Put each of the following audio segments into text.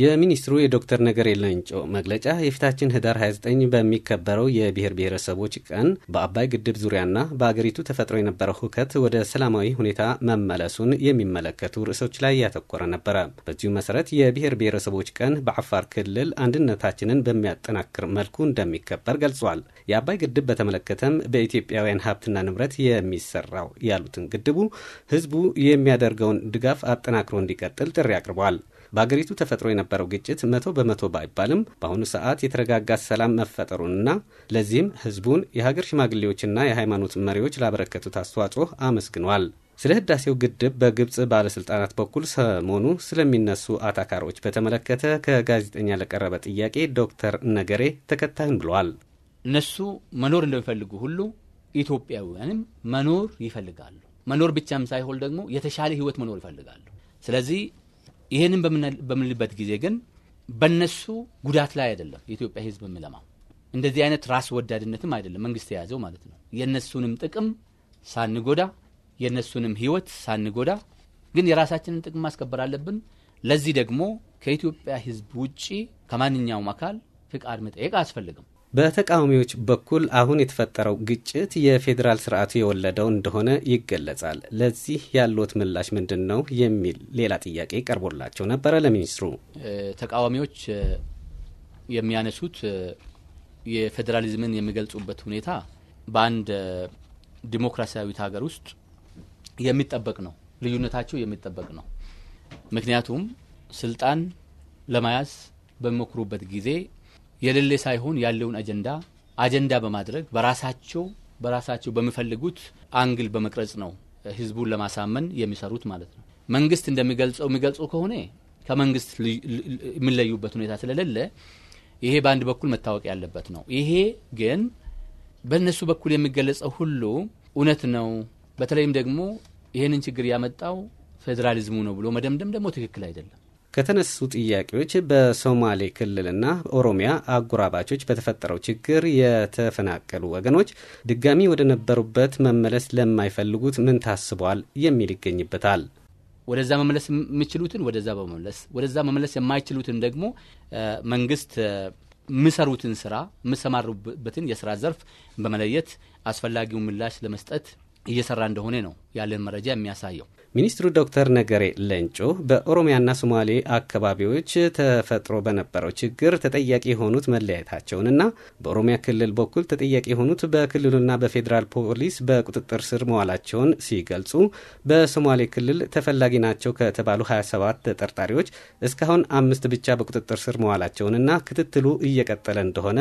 የሚኒስትሩ የዶክተር ነገሪ ሌንጮ መግለጫ የፊታችን ህዳር 29 በሚከበረው የብሔር ብሔረሰቦች ቀን በአባይ ግድብ ዙሪያና በአገሪቱ ተፈጥሮ የነበረው ሁከት ወደ ሰላማዊ ሁኔታ መመለሱን የሚመለከቱ ርዕሶች ላይ ያተኮረ ነበረ። በዚሁ መሰረት የብሔር ብሔረሰቦች ቀን በአፋር ክልል አንድነታችንን በሚያጠናክር መልኩ እንደሚከበር ገልጿል። የአባይ ግድብ በተመለከተም በኢትዮጵያውያን ሀብትና ንብረት የሚሰራው ያሉትን ግድቡ ህዝቡ የሚያደርገውን ድጋፍ አጠናክሮ እንዲቀጥል ጥሪ አቅርቧል። በአገሪቱ ተፈጥሮ የነበረው ግጭት መቶ በመቶ ባይባልም በአሁኑ ሰዓት የተረጋጋ ሰላም መፈጠሩንና ለዚህም ህዝቡን የሀገር ሽማግሌዎችና የሃይማኖት መሪዎች ላበረከቱት አስተዋጽኦ አመስግኗል። ስለ ህዳሴው ግድብ በግብፅ ባለስልጣናት በኩል ሰሞኑ ስለሚነሱ አታካሮች በተመለከተ ከጋዜጠኛ ለቀረበ ጥያቄ ዶክተር ነገሬ ተከታዩን ብለዋል። እነሱ መኖር እንደሚፈልጉ ሁሉ ኢትዮጵያውያንም መኖር ይፈልጋሉ። መኖር ብቻም ሳይሆን ደግሞ የተሻለ ህይወት መኖር ይፈልጋሉ። ስለዚህ ይህንን በምንልበት ጊዜ ግን በነሱ ጉዳት ላይ አይደለም የኢትዮጵያ ህዝብ የምለማው እንደዚህ አይነት ራስ ወዳድነትም አይደለም መንግስት የያዘው ማለት ነው። የእነሱንም ጥቅም ሳንጎዳ፣ የእነሱንም ህይወት ሳንጎዳ፣ ግን የራሳችንን ጥቅም ማስከበር አለብን። ለዚህ ደግሞ ከኢትዮጵያ ህዝብ ውጪ ከማንኛውም አካል ፍቃድ መጠየቅ አያስፈልግም። በተቃዋሚዎች በኩል አሁን የተፈጠረው ግጭት የፌዴራል ስርዓቱ የወለደው እንደሆነ ይገለጻል። ለዚህ ያሉት ምላሽ ምንድን ነው የሚል ሌላ ጥያቄ ቀርቦላቸው ነበረ ለሚኒስትሩ። ተቃዋሚዎች የሚያነሱት የፌዴራሊዝምን የሚገልጹበት ሁኔታ በአንድ ዲሞክራሲያዊት ሀገር ውስጥ የሚጠበቅ ነው። ልዩነታቸው የሚጠበቅ ነው። ምክንያቱም ስልጣን ለመያዝ በሚሞክሩበት ጊዜ የሌለ ሳይሆን ያለውን አጀንዳ አጀንዳ በማድረግ በራሳቸው በራሳቸው በሚፈልጉት አንግል በመቅረጽ ነው ህዝቡን ለማሳመን የሚሰሩት ማለት ነው። መንግስት እንደሚገልጸው የሚገልጹ ከሆነ ከመንግስት የሚለዩበት ሁኔታ ስለሌለ ይሄ በአንድ በኩል መታወቅ ያለበት ነው። ይሄ ግን በእነሱ በኩል የሚገለጸው ሁሉ እውነት ነው። በተለይም ደግሞ ይህንን ችግር ያመጣው ፌዴራሊዝሙ ነው ብሎ መደምደም ደግሞ ትክክል አይደለም። ከተነሱ ጥያቄዎች በሶማሌ ክልልና ኦሮሚያ አጎራባቾች በተፈጠረው ችግር የተፈናቀሉ ወገኖች ድጋሚ ወደ ነበሩበት መመለስ ለማይፈልጉት ምን ታስቧል የሚል ይገኝበታል። ወደዛ መመለስ የሚችሉትን ወደዛ በመመለስ ወደዛ መመለስ የማይችሉትን ደግሞ መንግስት የሚሰሩትን ስራ የሚሰማሩበትን የስራ ዘርፍ በመለየት አስፈላጊውን ምላሽ ለመስጠት እየሰራ እንደሆነ ነው ያለን መረጃ የሚያሳየው። ሚኒስትሩ ዶክተር ነገሬ ለንጮ በኦሮሚያና ሶማሌ አካባቢዎች ተፈጥሮ በነበረው ችግር ተጠያቂ የሆኑት መለያየታቸውንና በኦሮሚያ ክልል በኩል ተጠያቂ የሆኑት በክልሉና በፌዴራል ፖሊስ በቁጥጥር ስር መዋላቸውን ሲገልጹ በሶማሌ ክልል ተፈላጊ ናቸው ከተባሉ 27 ተጠርጣሪዎች እስካሁን አምስት ብቻ በቁጥጥር ስር መዋላቸውንና ክትትሉ እየቀጠለ እንደሆነ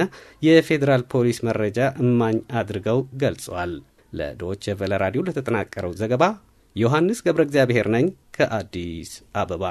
የፌዴራል ፖሊስ መረጃ እማኝ አድርገው ገልጸዋል። ለዶች ቨለ ራዲዮ ለተጠናቀረው ዘገባ ዮሐንስ ገብረ እግዚአብሔር ነኝ ከአዲስ አበባ